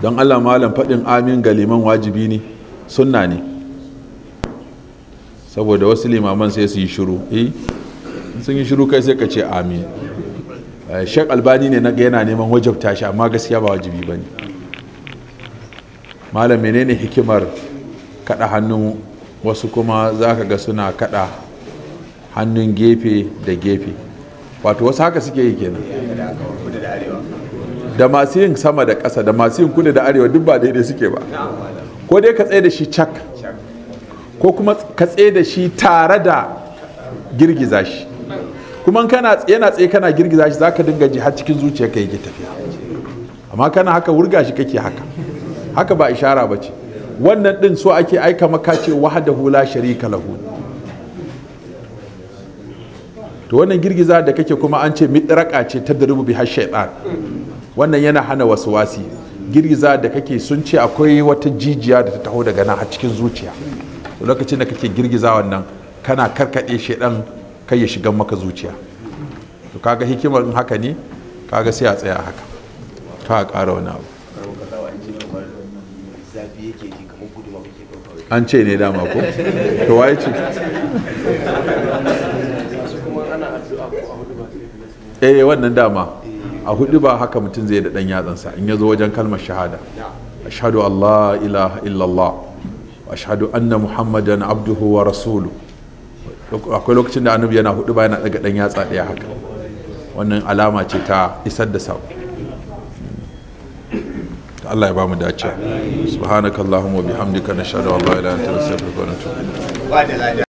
don allah malam faɗin amin ga liman wajibi ne sunna ne saboda wasu limaman sai su yi shiru eh sun yi shiru kai sai ka ce amin eh, shek albani ne na yana neman wajabta shi amma gaskiya ba wajibi ba ne malam menene hikimar kaɗa hannun wasu kuma za ka ga suna kaɗa hannun gefe da gefe wato wasu haka suke yi kenan da masu yin sama da ƙasa da masu yin kudu da arewa duk ba daidai suke ba ko dai ka tsaye da shi cak ko kuma ka tsaye da shi tare da girgiza shi kuma kana yana tsaye kana girgiza shi zaka dinga ji har cikin zuciya ka yi tafiya amma kana haka wurga shi kake haka haka ba ishara ba ce wannan din so ake aika maka ce wahdahu hula sharika lahu to wannan girgiza da kake kuma an ce mitraka ce ta durubu bi har shaytan wannan yana hana wasuwasi girgiza da kake sun ce akwai wata jijiya da ta taho daga nan a cikin zuciya lokacin da kake girgiza wannan kana karkaɗe shaidan kai ya shiga maka zuciya to kaga hikimar in haka ne kaga sai a tsaya haka ka ƙara wani abu an ce ne dama ko to waye ce eh wannan dama a hudu ba haka mutum zai da dan yatsansa in ya zo wajen kalmar shahada ashhadu allah ilaha illallah ashhadu anna muhammadan abduhu wa rasulu akwai lokacin da annabi yana hudu ba daga dan yatsa daya haka wannan alama ce ta isar da sako Allah ya ba mu dace subhanakallahumma bihamdika nashhadu an la ilaha illa anta astaghfiruka wa atubu